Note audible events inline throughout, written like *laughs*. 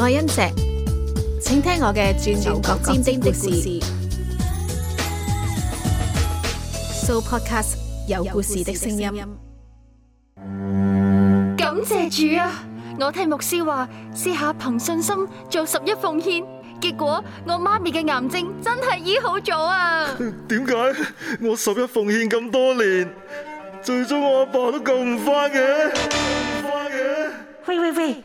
愛恩姐，請聽我嘅轉牛角尖的故事。So Podcast，有故事的聲音。感謝主啊！我聽牧師話，試下憑信心做十一奉獻，結果我媽咪嘅癌症真係醫好咗啊！點解我十一奉獻咁多年，最終我阿爸都救唔返嘅？喂喂喂！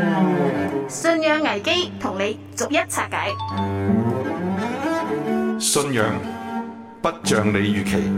信仰危機同你逐一拆解。信仰不像你預期。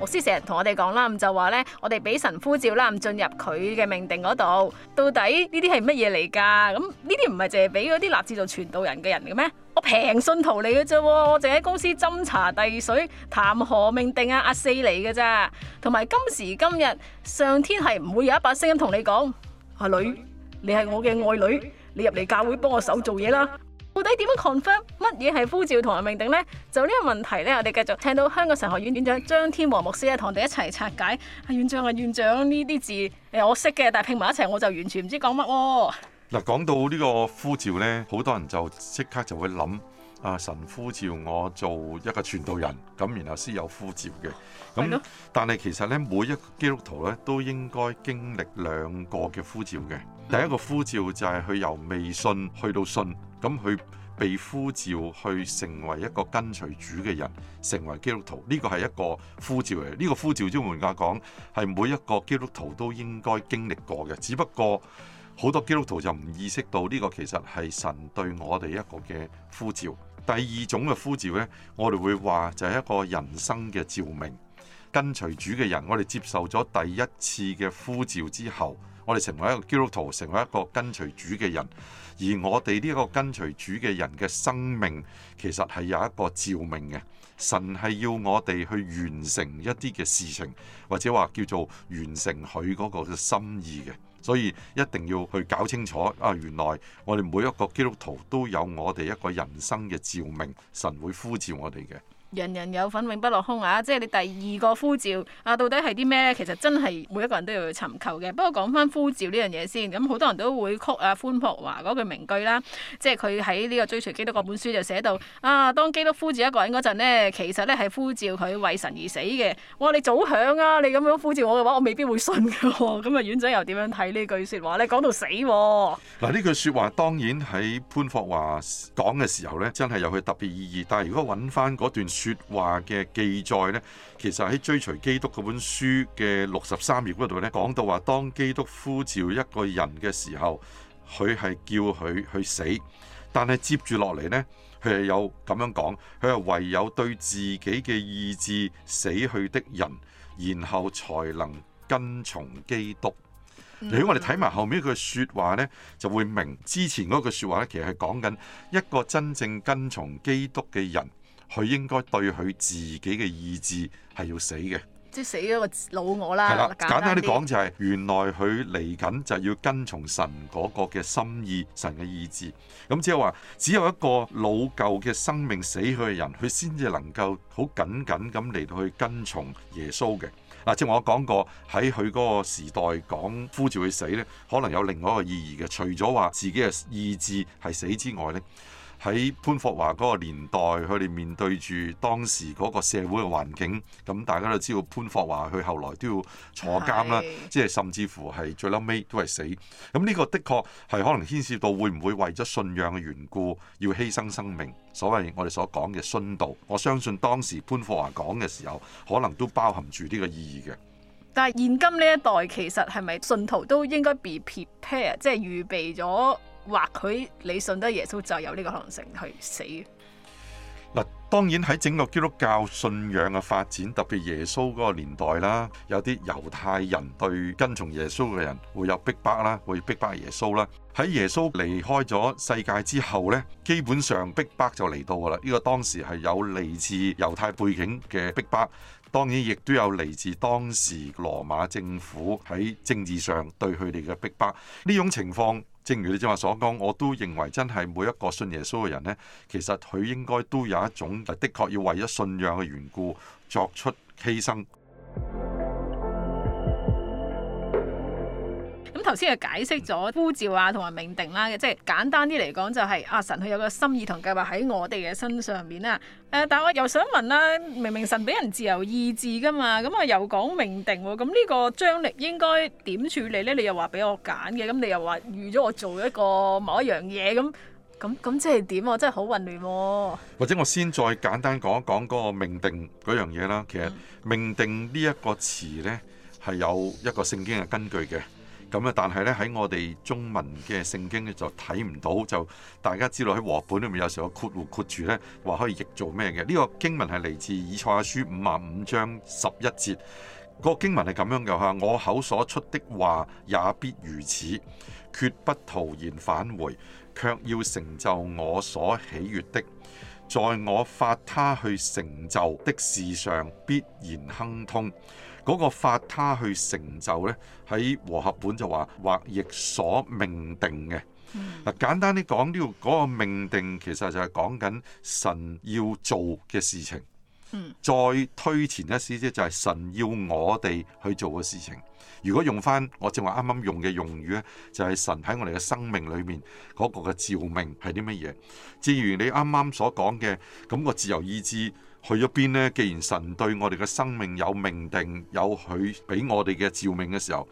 牧師成日同我哋講啦，咁就話咧，我哋俾神呼召啦，咁進入佢嘅命定嗰度。到底呢啲係乜嘢嚟㗎？咁呢啲唔係淨係俾嗰啲立志做傳道人嘅人嘅咩？我平信徒嚟嘅啫，我淨喺公司斟茶遞水，談何命定啊？阿四嚟嘅咋？同埋今時今日，上天係唔會有一把聲音同你講。阿、啊、女，你係我嘅愛女，你入嚟教會幫我手做嘢啦。到底點樣 confirm 乜嘢係呼召同埋命定呢？就呢個問題呢，我哋繼續請到香港神學院院長張天和牧師喺堂地一齊拆解。阿院長阿院長，呢啲字誒，我識嘅，但係拼埋一齊我就完全唔知講乜喎。嗱，講到呢個呼召呢，好多人就即刻就會諗。啊！神呼召我做一個傳道人，咁然後先有呼召嘅。咁、嗯，的但係其實呢，每一個基督徒呢，都應該經歷兩個嘅呼召嘅。第一個呼召就係佢由未信去到信，咁、嗯、佢被呼召去成為一個跟隨主嘅人，成為基督徒。呢、這個係一個呼召嚟。呢、這個呼召，招門家講係每一個基督徒都應該經歷過嘅。只不過好多基督徒就唔意識到呢個其實係神對我哋一個嘅呼召。第二種嘅呼召呢，我哋會話就係一個人生嘅照明，跟隨主嘅人，我哋接受咗第一次嘅呼召之後。我哋成為一個基督徒，成為一個跟隨主嘅人，而我哋呢個跟隨主嘅人嘅生命，其實係有一個召命嘅。神係要我哋去完成一啲嘅事情，或者話叫做完成佢嗰個心意嘅，所以一定要去搞清楚啊。原來我哋每一個基督徒都有我哋一個人生嘅召命，神會呼召我哋嘅。人人有份永不落空啊！即係你第二個呼召啊，到底係啲咩咧？其實真係每一個人都要尋求嘅。不過講翻呼召呢樣嘢先，咁、嗯、好多人都會曲啊潘霍華嗰句名句啦，即係佢喺呢個追隨基督嗰本書就寫到啊，當基督呼召一個人嗰陣咧，其實咧係呼召佢為神而死嘅。哇，你早響啊，你咁樣呼召我嘅話，我未必會信㗎喎。咁 *laughs* 啊、嗯，院長又點樣睇呢、啊、句說話，咧？講到死喎。嗱呢句說話當然喺潘霍華講嘅時候咧，真係有佢特別意義，但係如果揾翻嗰段，說話嘅記載呢，其實喺追隨基督嗰本書嘅六十三頁嗰度呢，講到話當基督呼召一個人嘅時候，佢係叫佢去死，但係接住落嚟呢，佢係有咁樣講，佢係唯有對自己嘅意志死去的人，然後才能跟從基督。如果我哋睇埋後面一句說話呢，就會明之前嗰句說話呢，其實係講緊一個真正跟從基督嘅人。佢應該對佢自己嘅意志係要死嘅，即係死咗個老我啦。係啦的，簡單啲講就係、是、原來佢嚟緊就要跟從神嗰個嘅心意、神嘅意志。咁即係話，只有一個老舊嘅生命死去嘅人，佢先至能夠好緊緊咁嚟到去跟從耶穌嘅。嗱，即係我講過喺佢嗰個時代講呼召佢死呢，可能有另外一個意義嘅，除咗話自己嘅意志係死之外呢。喺潘霍華嗰個年代，佢哋面對住當時嗰個社會嘅環境，咁大家都知道潘霍華佢後來都要坐監啦，是即係甚至乎係最撈尾都係死。咁呢個的確係可能牽涉到會唔會為咗信仰嘅緣故要犧牲生命，所謂我哋所講嘅殉道。我相信當時潘霍華講嘅時候，可能都包含住呢個意義嘅。但係現今呢一代，其實係咪信徒都應該被 prepare，即係預備咗？或許你信得耶穌就有呢個可能性去死。嗱，當然喺整個基督教信仰嘅發展，特別耶穌嗰個年代啦，有啲猶太人對跟從耶穌嘅人會有逼迫啦，會逼迫耶穌啦。喺耶穌離開咗世界之後呢，基本上逼迫就嚟到㗎喇。呢個當時係有嚟自猶太背景嘅逼迫，當然亦都有嚟自當時羅馬政府喺政治上對佢哋嘅逼迫。呢種情況。正如你正話所講，我都認為真係每一個信耶穌嘅人呢，其實佢應該都有一種的，的確要為咗信仰嘅緣故作出犧牲。頭先係解釋咗呼召啊，同埋命定啦嘅，即係簡單啲嚟講就係啊，神佢有個心意同計劃喺我哋嘅身上面啦。誒，但係我又想問啦，明明神俾人自由意志噶嘛，咁啊又講命定，咁呢個張力應該點處理呢？你又話俾我揀嘅，咁你又話預咗我做一個某一樣嘢，咁咁咁即係點啊？真係好混亂。或者我先再簡單講一講嗰個命定嗰樣嘢啦。其實命定呢一個詞呢係有一個聖經嘅根據嘅。咁啊！但係咧，喺我哋中文嘅聖經咧，就睇唔到，就大家知道喺和合本裏面有時候括弧「括住」，呢話可以譯做咩嘅？呢、這個經文係嚟自以賽亞書五十五章十一節。這個經文係咁樣嘅嚇，我口所出的話也必如此，決不徒然返回，卻要成就我所喜悅的，在我發他去成就的事上必然亨通。嗰個法他去成就呢，喺和合本就話或亦所命定嘅。嗱、嗯、簡單啲講，呢、嗰個命定其實就係講緊神要做嘅事情。嗯、再推前一絲就係神要我哋去做嘅事情。如果用翻我正話啱啱用嘅用語呢就係、是、神喺我哋嘅生命裏面嗰、嗰個嘅召命係啲乜嘢？至於你啱啱所講嘅咁個自由意志，去咗邊呢？既然神對我哋嘅生命有命定，有佢俾我哋嘅召命嘅時候，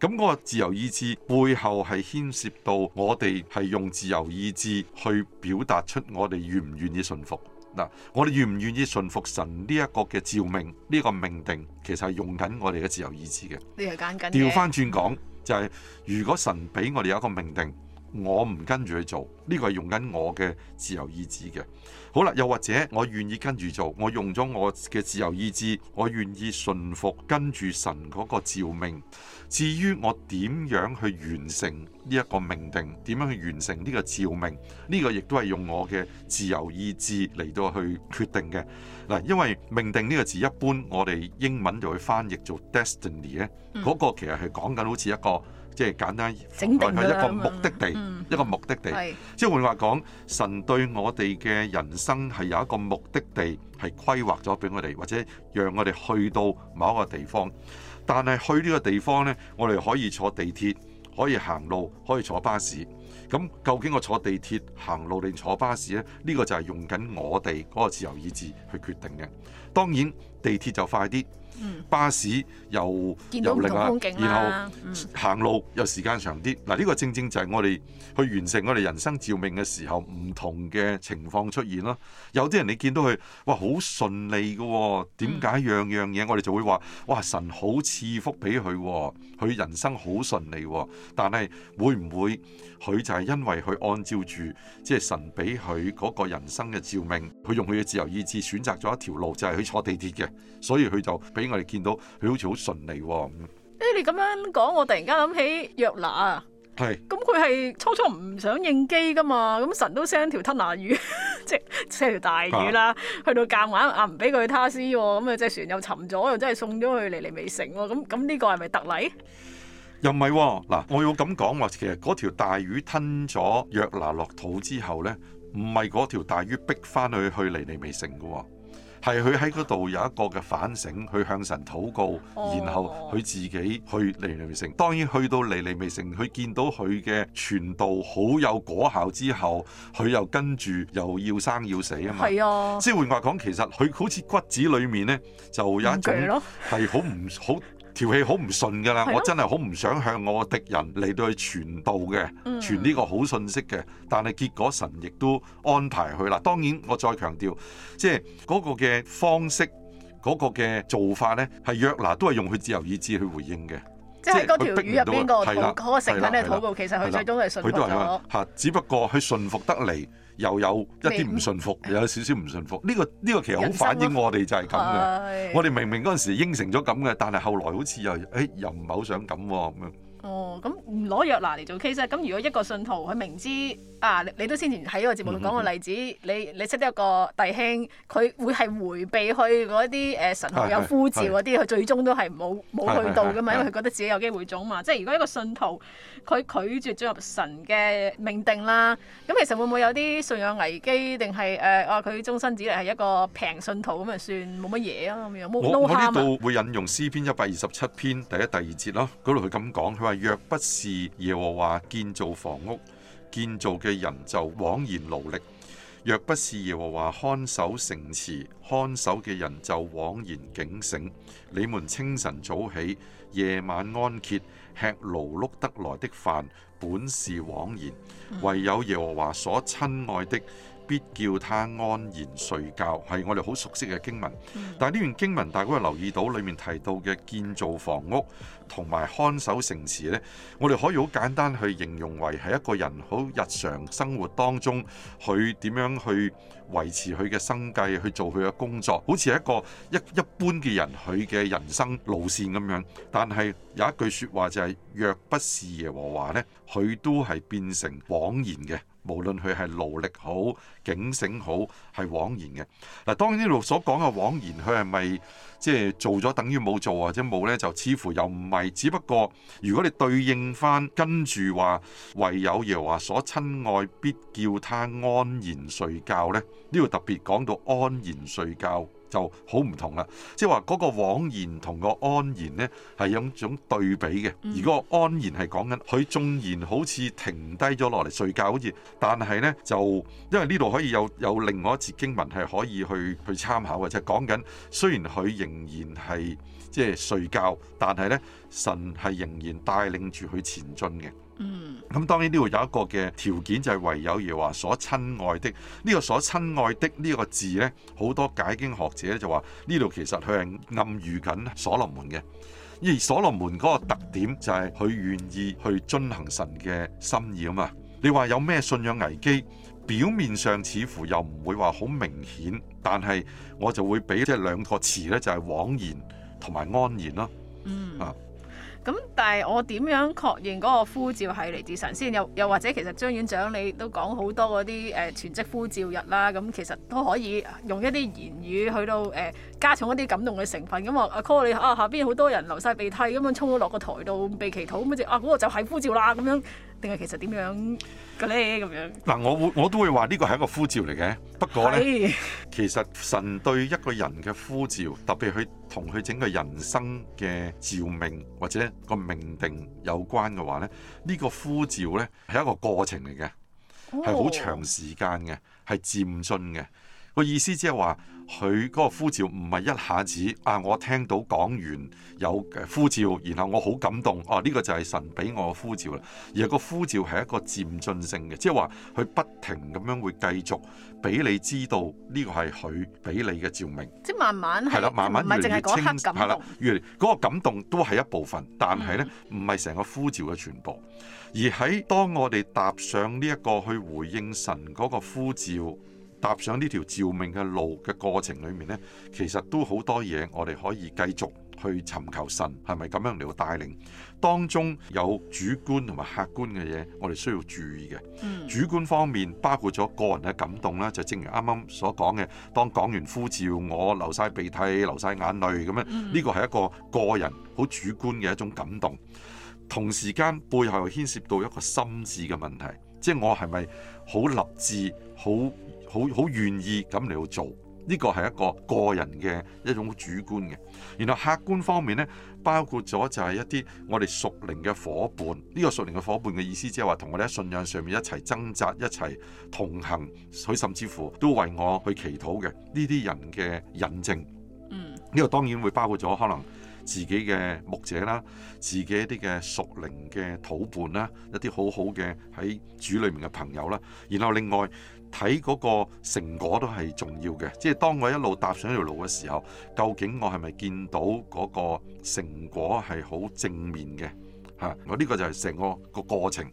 咁嗰個自由意志背後係牽涉到我哋係用自由意志去表達出我哋願唔願意順服。嗱，我哋願唔願意順服神呢一個嘅召、這個、命呢個命定，其實係用緊我哋嘅自由意志嘅。你係揀緊？調翻轉講就係、是，如果神俾我哋有一個命定。我唔跟住去做，呢個係用緊我嘅自由意志嘅。好啦，又或者我願意跟住做，我用咗我嘅自由意志，我願意順服跟住神嗰個召命。至於我點樣去完成呢一個命定，點樣去完成呢個召命，呢個亦都係用我嘅自由意志嚟到去決定嘅。嗱，因為命定呢個字一般我哋英文就會翻譯做 destiny 咧，嗰個其實係講緊好似一個。即係簡單，係一個目的地，一個目的地。嗯、即係換話講，神對我哋嘅人生係有一個目的地，係規劃咗俾我哋，或者讓我哋去到某一個地方。但係去呢個地方呢，我哋可以坐地鐵，可以行路，可以坐巴士。咁究竟我坐地鐵、行路定坐巴士呢？呢個就係用緊我哋嗰個自由意志去決定嘅。當然，地鐵就快啲。巴士又見到唔同風景啊，然後、啊、行路又時間長啲。嗱，呢個正正就係我哋去完成我哋人生召命嘅時候唔同嘅情況出現咯。有啲人你見到佢，哇，好順利嘅、哦，點解、嗯、樣樣嘢我哋就會話，哇，神好賜福俾佢、哦，佢人生好順利、哦。但係會唔會佢就係因為佢按照住即係神俾佢嗰個人生嘅召命，佢用佢嘅自由意志選擇咗一條路，就係、是、佢坐地鐵嘅，所以佢就。我哋見到佢好似好順利喎。誒，你咁樣講，我突然間諗起約拿啊。係。咁佢係初初唔想應機噶嘛。咁神都釣緊條吞拿魚，即係釣條大魚啦。去到夾硬啊，唔俾佢去他施喎。咁啊，隻船又沉咗，又真係送咗佢尼尼微城喎。咁咁呢個係咪特例？又唔係嗱，我要咁講話，其實嗰條大魚吞咗約拿落肚之後咧，唔係嗰條大魚逼翻佢去尼尼微城嘅喎。係佢喺嗰度有一個嘅反省，去向神禱告，哦、然後佢自己去尼尼微城。當然去到尼尼微城，佢見到佢嘅傳道好有果效之後，佢又跟住又要生要死啊嘛。係啊，即係換話講，其實佢好似骨子裡面呢，就有一種係好唔好。條氣好唔順㗎啦！的我真係好唔想向我敵人嚟到去傳道嘅，嗯、傳呢個好信息嘅。但係結果神亦都安排佢啦。當然我再強調，即係嗰個嘅方式，嗰、嗰個嘅做法呢，係約拿都係用佢自由意志去回應嘅。即係嗰條魚入邊個土，嗰個成品嘅土布，了其實佢最終係順服咗。嚇，只不過佢順服得嚟，又有一啲唔順服，你又有少少唔順服。呢個呢個其實好反映我哋就係咁嘅。啊、我哋明明嗰陣時應承咗咁嘅，但係後來好似又，誒、哎，又唔係好想咁咁、啊。哦，咁唔攞約拿嚟做 case 咁，如果一個信徒佢明知啊，你，你都先前喺呢個節目度講過例子，你你識得一個弟兄，佢會係迴避去嗰啲誒神學有呼召嗰啲，佢、哎、最終都係冇冇去到噶嘛，哎、因為佢覺得自己有機會種啊嘛。哎、即係如果一個信徒佢拒絕進入神嘅命定啦，咁其實會唔會有啲信仰危機，定係誒啊佢終身只係一個平信徒咁樣算冇乜嘢啊咁樣？我樣我呢度 no harm 會引用詩篇一百二十七篇第一第二節咯，嗰度佢咁講，若不是耶和華建造房屋，建造嘅人就枉然勞力；若不是耶和華看守城池，看守嘅人就枉然警醒。你們清晨早起，夜晚安歇，吃勞碌得來的飯，本是枉然。唯有耶和華所親愛的，必叫他安然睡覺，係我哋好熟悉嘅經文。但係呢段經文，大家留意到裏面提到嘅建造房屋同埋看守城池咧，我哋可以好簡單去形容為係一個人好日常生活當中佢點樣去維持佢嘅生計去做佢嘅工作，好似一個一一般嘅人佢嘅人生路線咁樣，但係有一句說話就係若不是耶和華咧，佢都係變成枉然嘅。無論佢係勞力好、警醒好，係枉然嘅。嗱，當然呢度所講嘅枉然，佢係咪即係做咗等於冇做，或者冇呢？就似乎又唔係。只不過如果你對應翻跟住話，唯有耶和華所親愛必叫他安然睡覺呢，呢度特別講到安然睡覺。就好唔同啦，即係話嗰個枉然同個安然呢，係有一種對比嘅。而個安然係講緊佢縱然好似停低咗落嚟睡覺，好似，但係呢，就因為呢度可以有有另外一節經文係可以去去參考嘅，就係講緊雖然佢仍然係即係睡覺，但係呢，神係仍然帶領住佢前進嘅。嗯，咁當然呢度有一個嘅條件就係唯有，而話所親愛的呢個所親愛的呢個字呢，好多解經學者咧就話呢度其實佢係暗喻緊所羅門嘅。而所羅門嗰個特點就係佢願意去遵行神嘅心意啊嘛。你話有咩信仰危機？表面上似乎又唔會話好明顯，但係我就會俾即係兩個詞咧，就係枉然同埋安然啦、啊。嗯，咁但係我點樣確認嗰個呼召係嚟自神仙？又又或者其實張院長你都講好多嗰啲誒全職呼召日啦，咁其實都可以用一啲言語去到誒加重一啲感動嘅成分。咁話阿 Col，你啊下邊好多人流晒鼻涕咁樣衝咗落個台度被祈禱，咁就啊嗰、嗰個就係呼召啦咁樣。定係其實點樣嘅咧？咁樣嗱，我會我都會話呢個係一個呼召嚟嘅。不過咧，是其實神對一個人嘅呼召，特別去同佢整個人生嘅召命或者個命定有關嘅話咧，呢、呢個呼召咧係一個過程嚟嘅，係好、哦、長時間嘅，係漸進嘅。個意思即係話，佢嗰個呼召唔係一下子啊！我聽到講完有呼召，然後我好感動，哦、啊，呢個就係神俾我嘅呼召啦。而個呼召係一個漸進性嘅，即係話佢不停咁樣會繼續俾你知道呢個係佢俾你嘅照明，即慢慢，係啦，慢慢漸漸清，係啦，啊，嗰個感動都係一部分，但係呢，唔係成個呼召嘅全部。而喺當我哋踏上呢一個去回應神嗰個呼召。踏上呢條召命嘅路嘅過程裏面呢，其實都好多嘢，我哋可以繼續去尋求神係咪咁樣嚟到帶領？當中有主觀同埋客觀嘅嘢，我哋需要注意嘅。主觀方面包括咗個人嘅感動啦，就正如啱啱所講嘅，當講完呼召，我流晒鼻涕、流晒眼淚咁樣，呢個係一個個人好主觀嘅一種感動。同時間背後又牽涉到一個心志嘅問題，即係我係咪好立志好？好好願意咁嚟到做，呢個係一個個人嘅一種主觀嘅，然後客觀方面呢，包括咗就係一啲我哋屬靈嘅伙伴，呢個屬靈嘅伙伴嘅意思即係話同我哋喺信仰上面一齊掙扎、一齊同行，佢甚至乎都為我去祈禱嘅呢啲人嘅引證。嗯，呢個當然會包括咗可能自己嘅牧者啦，自己一啲嘅屬靈嘅土伴啦，一啲好好嘅喺主裏面嘅朋友啦，然後另外。睇嗰個成果都係重要嘅，即係當我一路踏上一條路嘅時候，究竟我係咪見到嗰個成果係好正面嘅？嚇、啊，我、這、呢個就係成個個過程。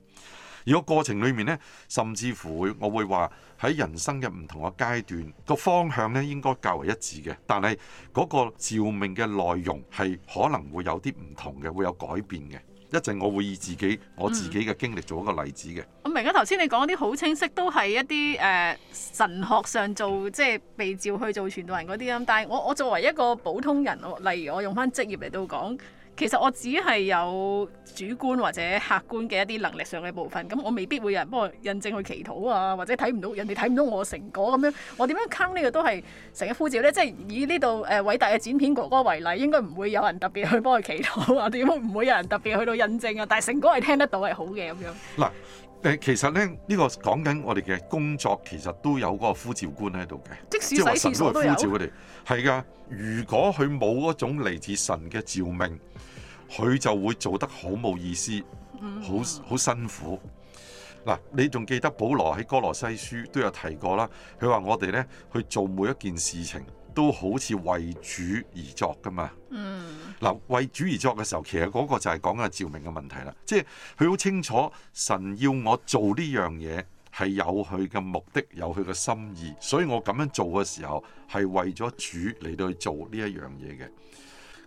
如果過程裏面呢，甚至乎會，我會話喺人生嘅唔同嘅階段，嗰個方向呢應該較為一致嘅，但係嗰個召命嘅內容係可能會有啲唔同嘅，會有改變嘅。一陣，會我會以自己我自己嘅經歷做一個例子嘅、嗯。我明啊，頭先你講啲好清晰，都係一啲誒、呃、神學上做即係被召去做傳道人嗰啲啊。但係我我作為一個普通人，例如我用翻職業嚟到講。其實我只係有主觀或者客觀嘅一啲能力上嘅部分，咁我未必會有人幫我印證去祈禱啊，或者睇唔到人哋睇唔到我嘅成果咁樣，我點樣坑呢個都係成個呼召咧。即係以呢度誒偉大嘅剪片哥哥為例，應該唔會有人特別去幫佢祈禱啊，點解唔會有人特別去到印證啊？但係成果係聽得到係好嘅咁樣。嗱誒，其實咧呢個講緊我哋嘅工作，其實都有嗰個呼召官喺度嘅，即使神都係呼召佢哋。係㗎有，如果佢冇嗰種嚟自神嘅召命。佢就會做得好冇意思，好好辛苦。嗱，你仲記得保羅喺哥羅西書都有提過啦。佢話我哋呢去做每一件事情，都好似為主而作㗎嘛。嗱，為主而作嘅時候，其實嗰個就係講緊召命嘅問題啦。即係佢好清楚，神要我做呢樣嘢，係有佢嘅目的，有佢嘅心意，所以我咁樣做嘅時候，係為咗主嚟到去做呢一樣嘢嘅。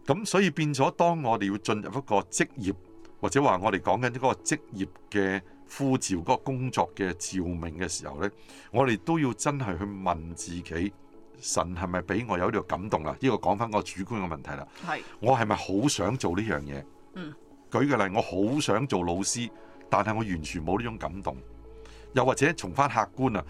咁所以變咗，當我哋要進入一個職業，或者話我哋講緊呢個職業嘅呼召、嗰個工作嘅召命嘅時候呢，我哋都要真係去問自己：神係咪俾我有呢個感動啦？呢個講翻個主觀嘅問題啦。係是，我係咪好想做呢樣嘢？嗯。舉個例，我好想做老師，但係我完全冇呢種感動。又或者從翻客觀啊。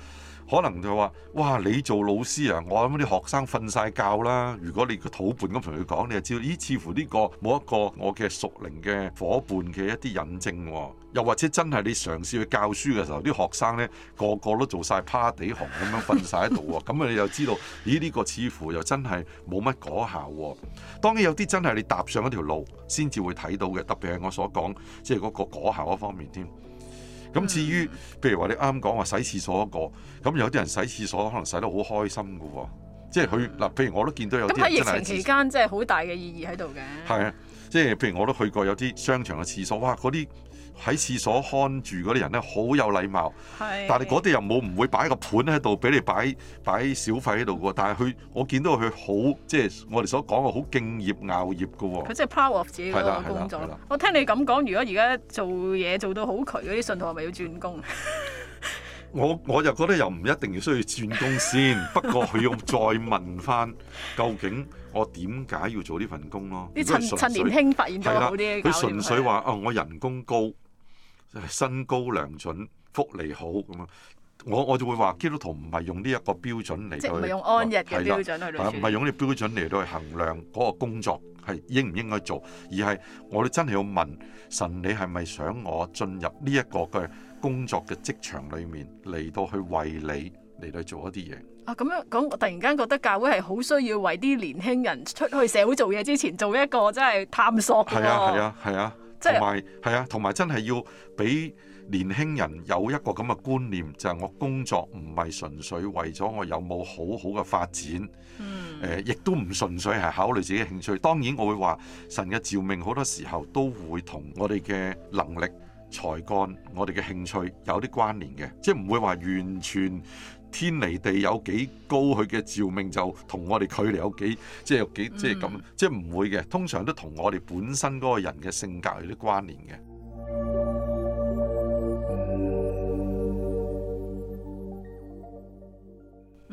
可能就話：哇！你做老師啊，我諗啲學生瞓晒覺啦。如果你個夥伴咁同佢講，你就知道咦？似乎呢個冇一個我嘅熟齡嘅伙伴嘅一啲印證、哦，又或者真係你嘗試去教書嘅時候，啲學生呢個個都做晒趴地紅咁樣瞓晒喺度，咁啊 *laughs* 你又知道咦？呢、這個似乎又真係冇乜果效、哦。當然有啲真係你踏上一條路先至會睇到嘅，特別係我所講即係嗰個果效嗰方面添。咁、嗯、至於，譬如話你啱啱講話洗廁所嗰個，咁有啲人洗廁所可能洗得好開心噶喎、哦，即係佢嗱，譬、嗯、如我都見到有啲人喺疫情期間真係好大嘅意義喺度嘅。係啊，即係譬如我都去過有啲商場嘅廁所，哇，嗰啲。喺廁所看住嗰啲人咧，好有禮貌。係的，但係嗰啲又冇唔會擺一個盤喺度俾你擺擺小費喺度嘅喎。但係佢，我見到佢好即係我哋所講嘅好敬業熬業嘅喎、哦。佢即係 proud of 自己嘅工作。係啦，係啦。我聽你咁講，如果而家做嘢做到好攰嗰啲信徒，係咪要轉工？ *laughs* 我我又覺得又唔一定要需要轉工先，不過佢要再問翻究竟我點解要做呢份工咯？啲趁陳，陳年輕發現係啦，佢純粹話啊，我人工高，高。身高良準，福利好咁啊！我我就會話基督徒唔係用呢一個標準嚟。即係唔係用安逸嘅標準去對。係唔係用呢啲標準嚟到去衡量嗰個工作係應唔應該做，而係我哋真係要問神：你係咪想我進入呢一個嘅工作嘅職場裏面，嚟到去為你嚟到做一啲嘢？啊，咁樣講，我突然間覺得教會係好需要為啲年輕人出去社會做嘢之前，做一個真係探索。係啊，係啊，係啊！同埋係啊，同埋真係要俾年輕人有一個咁嘅觀念，就係我工作唔係純粹為咗我有冇好好嘅發展，誒，亦都唔純粹係考慮自己嘅興趣。當然，我會話神嘅召命好多時候都會同我哋嘅能力、才幹、我哋嘅興趣有啲關聯嘅，即係唔會話完全。天離地有幾高，佢嘅召命就同我哋距離有幾，即係幾，即係咁，嗯、即係唔會嘅。通常都同我哋本身嗰個人嘅性格有啲關聯嘅。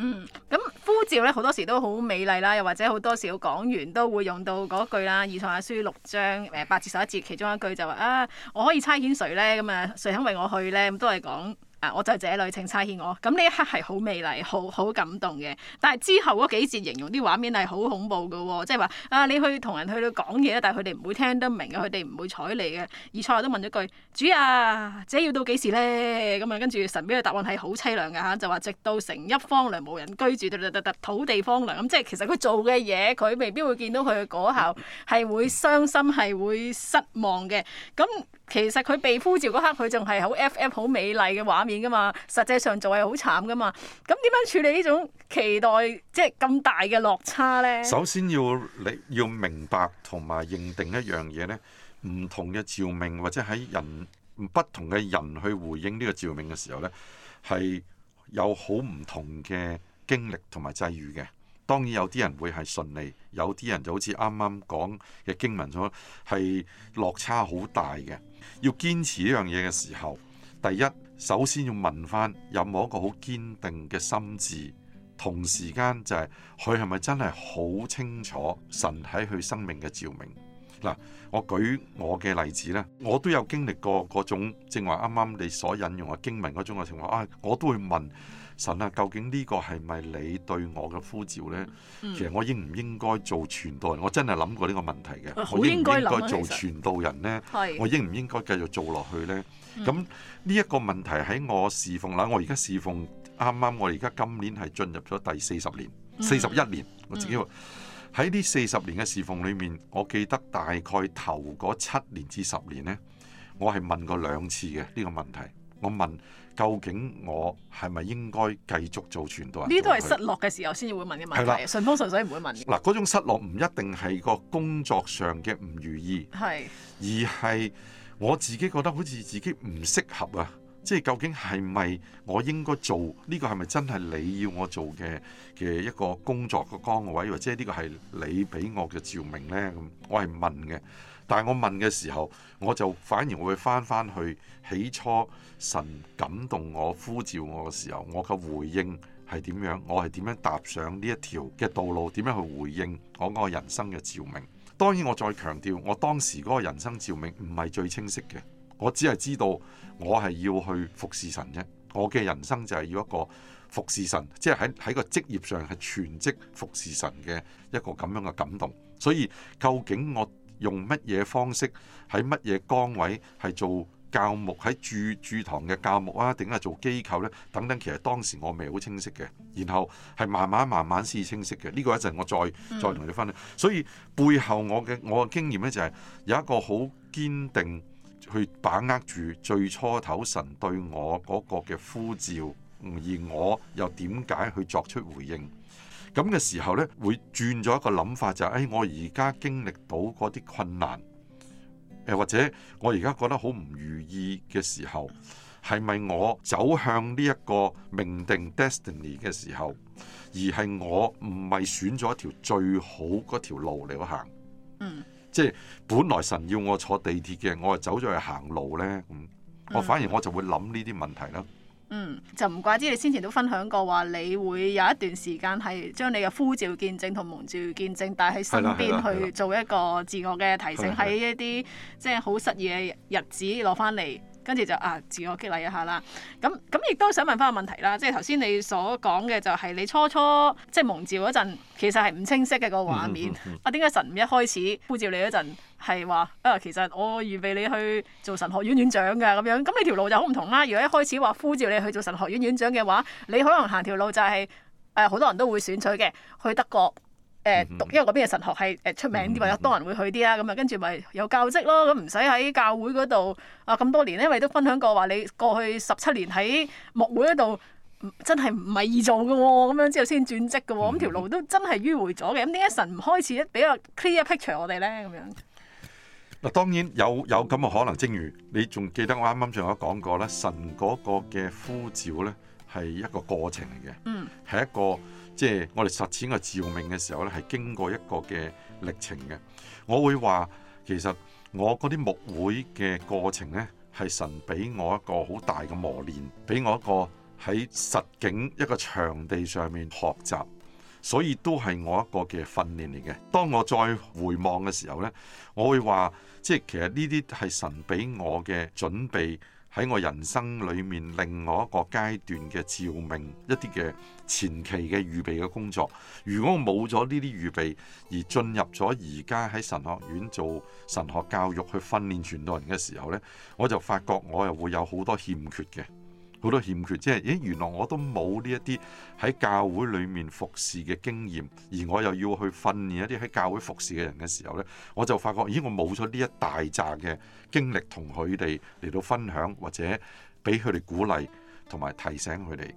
嗯，咁呼召咧好多時都好美麗啦，又或者好多時講完都會用到嗰句啦，《以賽亞書六章》誒八至十一節，其中一句就話啊，我可以差遣誰咧？咁啊，誰肯為我去咧？咁都係講。啊！我就係這裡請差遣我，咁呢一刻係好美麗、好好感動嘅。但係之後嗰幾節形容啲畫面係好恐怖嘅喎，哦，即係話啊，你去同人去到講嘢，但係佢哋唔會聽得明嘅，佢哋唔會睬你嘅。而賽亞都問咗句：主啊，這要到幾時咧？咁啊，跟住神俾嘅答案係好凄涼嘅嚇，就話直到城邑荒涼無人居住，突突突土地荒涼。咁即係其實佢做嘅嘢，佢未必會見到佢嘅果效，係會傷心，係會失望嘅。咁其實佢被呼召嗰刻，佢仲係好 F F 好美麗嘅、就是、畫面。面噶嘛，實際上就係好慘㗎嘛。咁點樣處理呢種期待，即係咁大嘅落差呢？首先要你要明白同埋認定一樣嘢呢：唔同嘅召命或者喺人不同嘅人去回應呢個召命嘅時候呢，係有好唔同嘅經歷同埋際遇嘅。當然有啲人會係順利，有啲人就好似啱啱講嘅經文，所係落差好大嘅。要堅持呢樣嘢嘅時候，第一。首先要問返有冇一個好堅定嘅心志，同時間就係佢係咪真係好清楚神喺佢生命嘅照明？嗱，我舉我嘅例子咧，我都有經歷過嗰種，正話啱啱你所引用嘅經文嗰種嘅情況啊，我都會問神啊，究竟呢個係咪你對我嘅呼召咧？嗯、其實我應唔應該做傳道人？我真係諗過呢個問題嘅，嗯、我應唔應該做傳道人咧？嗯嗯、我應唔應該繼續做落去咧？咁呢一個問題喺我侍奉啦，我而家侍奉啱啱我而家今年係進入咗第四十年、四十一年，我自己。嗯嗯喺呢四十年嘅侍奉裏面，我記得大概頭嗰七年至十年呢，我係問過兩次嘅呢、呢個問題。我問究竟我係咪應該繼續做傳道人？呢都係失落嘅時候先至會問嘅問題。的順風順水唔會問。嗱，嗰種失落唔一定係個工作上嘅唔如意，係的而係我自己覺得好似自己唔適合啊。即係究竟係咪我應該做呢個，係咪真係你要我做嘅嘅一個工作個崗位，或者呢個係你俾我嘅照明咧？咁我係問嘅，但係我問嘅時候，我就反而會翻翻去起初神感動我呼召我嘅時候，我嘅回應係點樣，我係點樣踏上呢一條嘅道路？點樣去回應我嗰個人生嘅照明？當然，我再強調我當時嗰個人生照明唔係最清晰嘅。我只係知道，我係要去服侍神啫。我嘅人生就係要一個服侍神，即係喺喺個職業上係全職服侍神嘅一個咁樣嘅感動。所以究竟我用乜嘢方式，喺乜嘢崗位係做教牧，喺駐駐堂嘅教牧啊，定係做機構呢？等等，其實當時我未好清晰嘅，然後係慢慢慢慢先清晰嘅。呢、這個一陣我再再同你分享。所以背後我嘅我嘅經驗呢，就係有一個好堅定。去把握住最初頭神對我嗰個嘅呼召，而我又點解去作出回應？咁嘅時候呢，會轉咗一個諗法，就係，就係誒，我而家經歷到嗰啲困難，呃，或者我而家覺得好唔如意嘅時候，係咪我走向呢一個命定 destiny 嘅時候，而係我唔係選咗條最好嗰條路嚟行？嗯即係本來神要我坐地鐵嘅，我係走咗去行路咧，嗯，我反而我就會諗呢啲問題啦。嗯，就唔怪之，你先前都分享過話，你會有一段時間係將你嘅呼召見證同蒙召見證，帶喺身邊去做一個自我嘅提醒，喺一啲即係好失意嘅日子攞翻嚟。跟住就啊，自我激勵一下啦。咁咁亦都想問翻個問題啦，即係頭先你所講嘅就係你初初即係蒙召嗰陣，其實係唔清晰嘅、嗰個畫面。啊，點解神唔一開始呼召你嗰陣係話啊？其實我預備你去做神學院院長嘅咁樣。咁你條路就好唔同啦。如果一開始話呼召你去做神學院院長嘅話，你可能行條路就係誒好多人都會選取嘅去德國。誒讀，因為嗰邊嘅神學係誒出名啲，或者、嗯、多人會去啲啦。咁啊、嗯，跟住咪有教職咯。咁唔使喺教會嗰度啊咁多年咧，因為都分享過話你過去十七年喺牧會嗰度，真係唔係易做嘅喎。咁樣之後先轉職嘅喎。咁條路都真係迂迴咗嘅。咁點解神唔開始一比較 clear picture 我哋咧？咁樣嗱，當然有有咁嘅可能。正如你仲記得我啱啱仲有講過咧，神嗰個嘅呼召咧係一個過程嚟嘅，係、嗯、一個。即係我哋實踐個召命嘅時候呢，係經過一個嘅歷程嘅。我會話其實我嗰啲牧會嘅過程呢，係神俾我一個好大嘅磨練，俾我一個喺實景一個場地上面學習，所以都係我一個嘅訓練嚟嘅。當我再回望嘅時候呢，我會話即係其實呢啲係神俾我嘅準備。喺我人生裏面另外一個階段嘅照明，一啲嘅前期嘅預備嘅工作。如果我冇咗呢啲預備，而進入咗而家喺神學院做神學教育，去訓練傳道人嘅時候咧，我就發覺我又會有好多欠缺嘅。好多欠缺，即係咦，原來我都冇呢一啲喺教會裏面服侍嘅經驗，而我又要去訓練一啲喺教會服侍嘅人嘅時候呢，我就發覺，咦，我冇咗呢一大扎嘅經歷同佢哋嚟到分享或者俾佢哋鼓勵同埋提醒佢哋。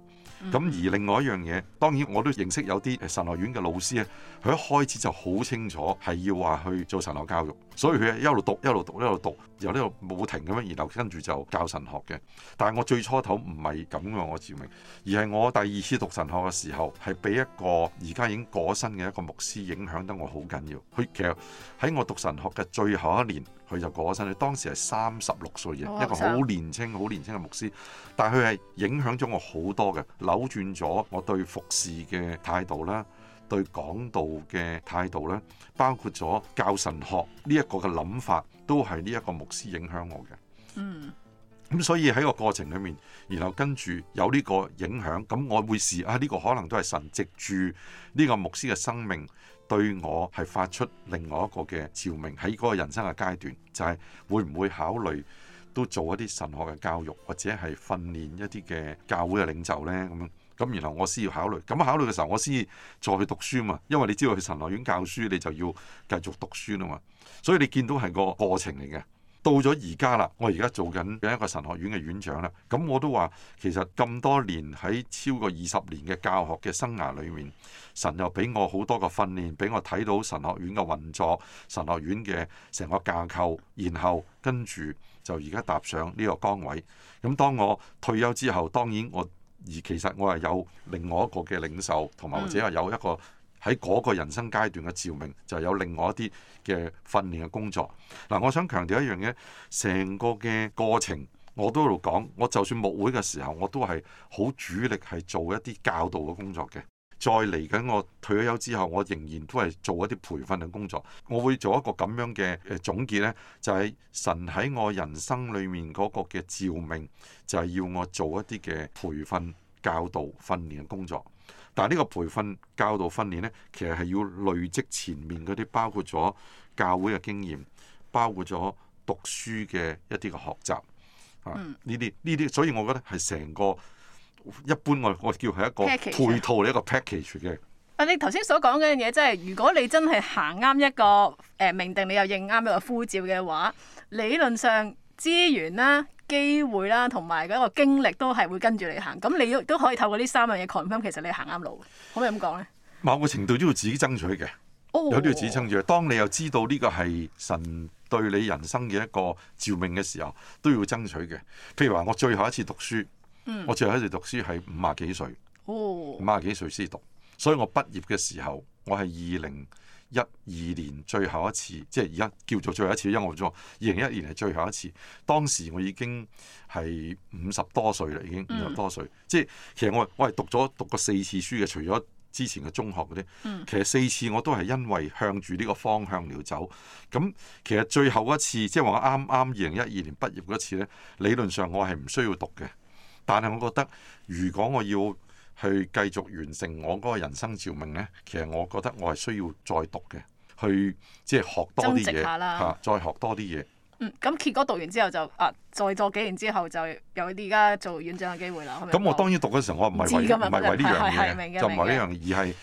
咁、嗯、而另外一樣嘢，當然我都認識有啲神學院嘅老師咧，佢一開始就好清楚係要話去做神學教育，所以佢一路讀一路讀一路讀，由呢度冇停咁樣，然後跟住就教神學嘅。但係我最初頭唔係咁嘅，我自明，而係我第二次讀神學嘅時候，係俾一個而家已經過身嘅一個牧師影響得我好緊要。佢其實喺我讀神學嘅最後一年。佢就過咗身，佢當時係三十六歲嘅一個好年輕、好年輕嘅牧師，但係佢係影響咗我好多嘅，扭轉咗我對服侍嘅態度啦，對講道嘅態度啦，包括咗教神學呢一個嘅諗法，都係呢一個牧師影響我嘅。嗯，咁、嗯、所以喺個過程裡面，然後跟住有呢個影響，咁我會視啊呢、這個可能都係神藉住呢個牧師嘅生命，對我係發出另外一個嘅召命，喺嗰個人生嘅階段，就係會唔會考慮都做一啲神學嘅教育，或者係訓練一啲嘅教會嘅領袖呢？咁，咁然後我先要考慮，咁考慮嘅時候我先再去讀書嘛，因為你知道去神學院教書你就要繼續讀書啊嘛，所以你見到係個過程嚟嘅。到咗而家啦，我而家做緊一個神學院嘅院長啦。咁我都話，其實咁多年喺超過二十年嘅教學嘅生涯裏面，神又俾我好多個訓練，俾我睇到神學院嘅運作、神學院嘅成個架構，然後跟住就而家踏上呢個崗位。咁當我退休之後，當然我，而其實我係有另外一個嘅領袖，同埋或者係有一個喺嗰個人生階段嘅照明，就有另外一啲。嘅訓練嘅工作嗱、啊，我想強調一樣嘢，成個嘅過程我都喺度講，我就算牧會嘅時候，我都係好主力係做一啲教導嘅工作嘅。再嚟緊，我退咗休之後，我仍然都係做一啲培訓嘅工作。我會做一個咁樣嘅誒總結呢就係、是、神喺我人生裏面嗰個嘅召命，就係、是、要我做一啲嘅培訓、教導、訓練嘅工作。但係呢個培訓、教導、訓練咧，其實係要累積前面嗰啲，包括咗教會嘅經驗，包括咗讀書嘅一啲嘅學習，啊呢啲呢啲，所以我覺得係成個一般我我叫係一個配套嘅一個 package 嘅。啊、嗯，你頭先所講嘅嘢，即係如果你真係行啱一個誒命定，你又認啱一個呼召嘅話，理論上資源啦。機會啦，同埋嗰個經歷都係會跟住你行。咁你都可以透過呢三樣嘢 confirm，其實你行啱路，可唔可以咁講咧？某個程度都要自己爭取嘅，有啲、oh. 要自己爭取。當你又知道呢個係神對你人生嘅一個召命嘅時候，都要爭取嘅。譬如話，我最後一次讀書，mm. 我最後一次讀書係五十幾歲，五十幾歲先讀，oh. 所以我畢業嘅時候，我係二零。一二年最後一次，即係而家叫做最後一次音樂中，因為我做二零一二年係最後一次。當時我已經係五十多歲啦，已經五十多歲。Mm. 即係其實我我係讀咗讀過四次書嘅，除咗之前嘅中學嗰啲，其實四次我都係因為向住呢個方向而走。咁其實最後一次，即係話我啱啱二零一二年畢業嗰一次咧，理論上我係唔需要讀嘅。但係我覺得如果我要去繼續完成我嗰個人生召命呢，其實我覺得我係需要再讀嘅，去即係、就是、學多啲嘢，嚇，再學多啲嘢。咁、嗯嗯、結果讀完之後就啊，再做幾年之後就有啲而家做院長嘅機會啦。咁我當然讀嗰時候我唔係為唔係為呢樣嘢，是是是就唔係呢樣，而係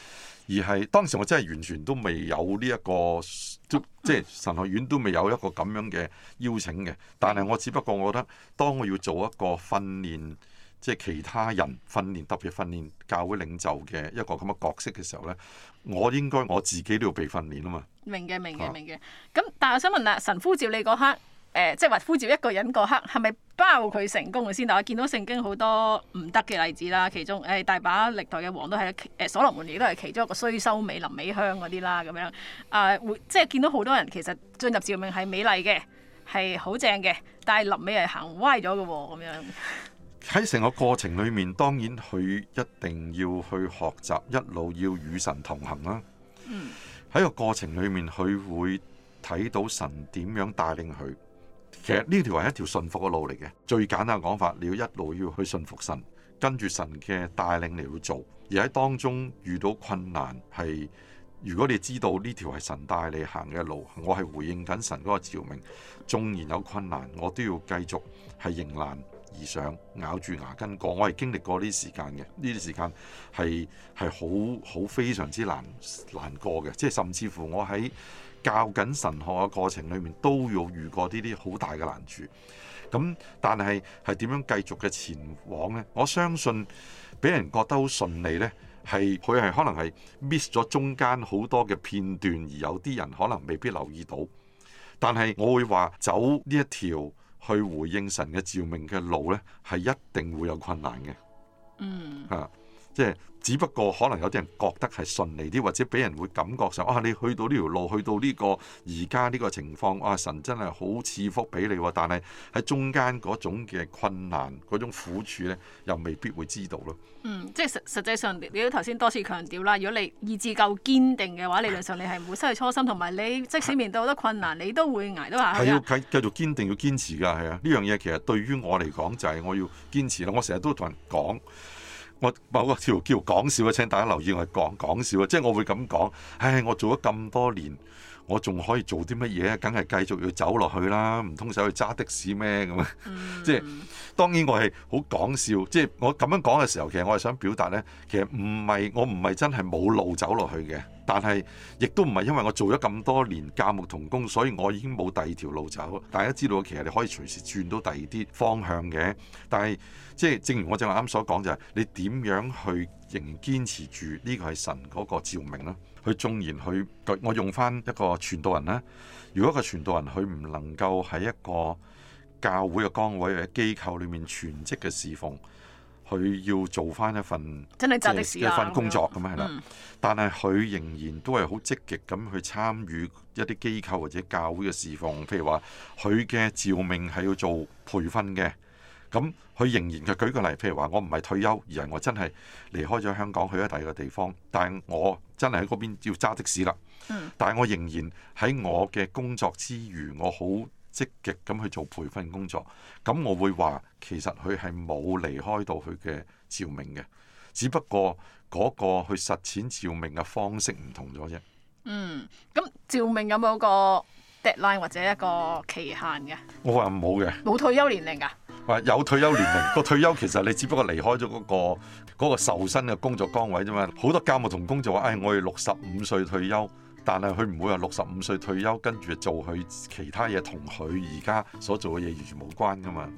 而係當時我真係完全都未有呢、這、一個，即係、就是、神學院都未有一個咁樣嘅邀請嘅。但係我只不過我覺得，當我要做一個訓練。即係其他人訓練，特別訓練教會領袖嘅一個咁嘅角色嘅時候咧，我應該我自己都要被訓練啊嘛。明嘅，明嘅，明嘅。咁但係我想問啦，神呼召你嗰刻，誒、呃、即係話呼召一個人嗰刻，係咪包佢成功嘅先？但我見到聖經好多唔得嘅例子啦，其中誒、呃、大把歷代嘅王都係誒、呃、所羅門，亦都係其中一個衰收尾、臨尾香嗰啲啦，咁樣啊，會、呃、即係見到好多人其實進入召命係美麗嘅，係好正嘅，但係臨尾係行歪咗嘅喎，咁樣。喺成個過程裏面，當然佢一定要去學習，一路要與神同行啦、啊。喺、嗯、個過程裏面，佢會睇到神點樣帶領佢。其實呢條係一條順服嘅路嚟嘅，最簡單嘅講法，你要一路要去信服神，跟住神嘅帶領嚟去做。而喺當中遇到困難，係如果你知道呢條係神帶你行嘅路，我係回應緊神嗰個召命。縱然有困難，我都要繼續係迎難。而上咬住牙根過，我係經歷過呢啲時間嘅，呢啲時間係，係好好非常之難難過嘅，即係甚至乎我喺教緊神學嘅過程裏面都有遇過呢啲好大嘅難處。咁但係，係點樣繼續嘅前往咧？我相信俾人覺得好順利咧，係，佢係可能係 miss 咗中間好多嘅片段，而有啲人可能未必留意到。但係我會話走呢一條。去回應神嘅召命嘅路咧，係一定會有困難嘅。嗯， *laughs* 即係只不過可能有啲人覺得係順利啲，或者俾人會感覺上，哇！你去到呢條路，去到呢個而家呢個情況，哇！神真係好賜福俾你，但係喺中間嗰種嘅困難，嗰種苦處咧，又未必會知道咯。嗯，即係實實際上，你都頭先多次強調啦，如果你意志夠堅定嘅話，理論上你係唔會失去初心，同埋你即使面對好多困難，你都會捱得下。係要繼繼續堅定，要堅持噶，係啊！呢樣嘢其實對於我嚟講就係我要堅持啦。我成日都同人講。我某個條叫講笑啊！請大家留意我，我係講講笑啊！即係我會咁講，唉，我做咗咁多年。我仲可以做啲乜嘢？梗係繼續要走落去啦，唔通走去揸的士咩？咁 *laughs* 啊、就是，即係當然我係好講笑，即、就、係、是、我咁樣講嘅時候，其實我係想表達呢，其實唔係我唔係真係冇路走落去嘅，但係亦都唔係因為我做咗咁多年教牧同工，所以我已經冇第二條路走。大家知道，其實你可以隨時轉到第二啲方向嘅，但係即係正如我正話啱所講、就是，就係你點樣去仍然堅持住個呢個係神嗰個召命啦。佢縱然佢我用翻一個傳道人啦，如果一個傳道人佢唔能夠喺一個教會嘅崗位或者機構裏面全職嘅侍奉，佢要做翻一份，即係一份工作咁樣係啦。但係佢仍然都係好積極咁去參與一啲機構或者教會嘅侍奉，譬如話佢嘅召命係要做培訓嘅。咁佢仍然嘅舉個例，譬如話我唔係退休，而係我真係離開咗香港去咗第二個地方，但係我真係喺嗰邊要揸的士啦。嗯，但係我仍然喺我嘅工作之餘，我好積極咁去做培訓工作。咁我會話，其實佢係冇離開到佢嘅照明嘅，只不過嗰個去實踐照明嘅方式唔同咗啫。嗯，咁照明有冇個 deadline 或者一個期限嘅？我話冇嘅，冇退休年齡啊。有退休年齡，嗰個退休其實你只不過離開咗嗰、嗰個瘦、嗰個、身嘅工作崗位啫嘛。好多教牧同工作話，唉、哎，我哋六十五歲退休，但係佢唔會話六十五歲退休，跟住做佢其他嘢同佢而家所做嘅嘢完全冇關噶嘛。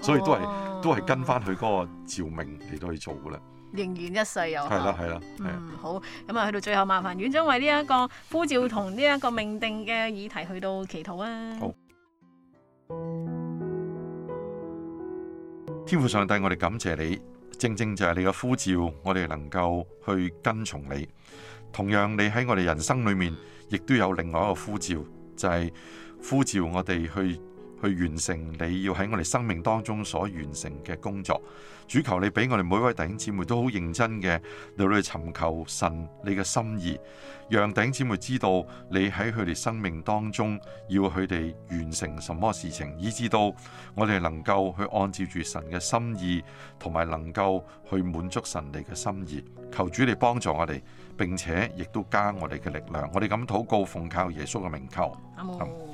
所以都係、哦、都係跟翻佢嗰個召命嚟到去做噶啦。仍然一世有。係啦係啦。嗯，好。咁啊，去到最後，麻煩院長為呢一個呼召同呢一個命定嘅議題去到祈禱啊。 *laughs* 好。天父上帝，我哋感謝你，正正就係你嘅呼召，我哋能夠去跟從你。同樣，你喺我哋人生裏面，亦都有另外一個呼召，就係呼召我哋去。去完成你要喺我哋生命當中所完成嘅工作，主求你俾我哋每一位弟兄姊妹都好認真嘅，努力尋求神你嘅心意，讓弟兄姊妹知道你喺佢哋生命當中要佢哋完成什麼事情，以至到我哋能夠去按照住神嘅心意，同埋能夠去滿足神你嘅心意。求主你幫助我哋，並且亦都加我哋嘅力量。我哋咁禱告，奉靠耶穌嘅名求。Oh.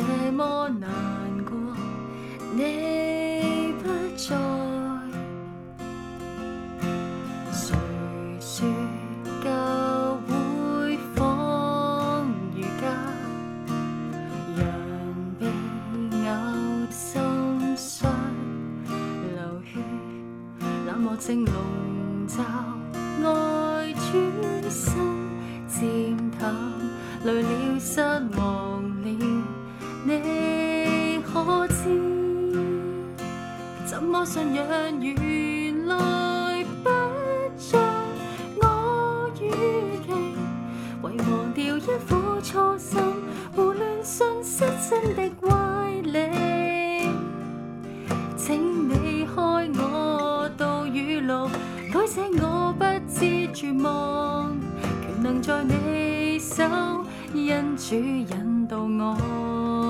這麼難過，你不在。誰説舊會仿如家，讓被咬心傷流血，冷漠正籠罩愛，轉身，漸淡，累了失望了。你可知，怎麼信仰原來不像我預期？為忘掉一顆初心，胡亂信失真的歪理。請你開我道與路，改寫我不知絕望，權能在你手，因主引導我。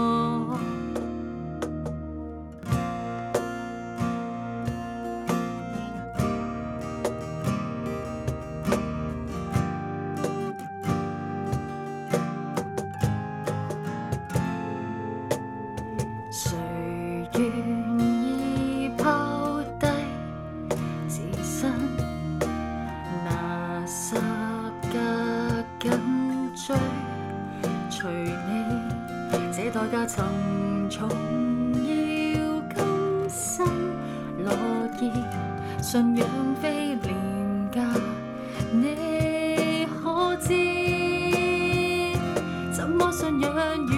信仰非廉價，你可知怎麼信仰？ *noise*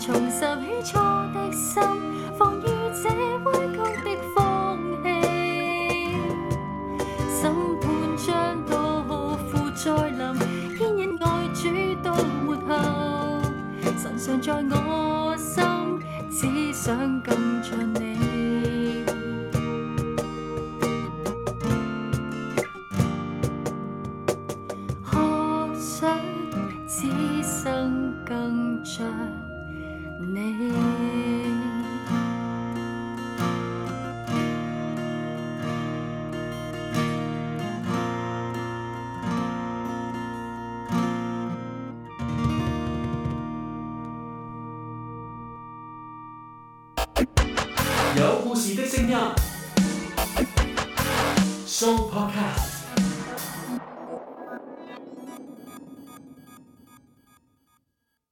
重拾起初的心，防于的放於這彎曲的風氣。審判將到，復再臨，牽引愛主到末後，神常在我心，只想更像你。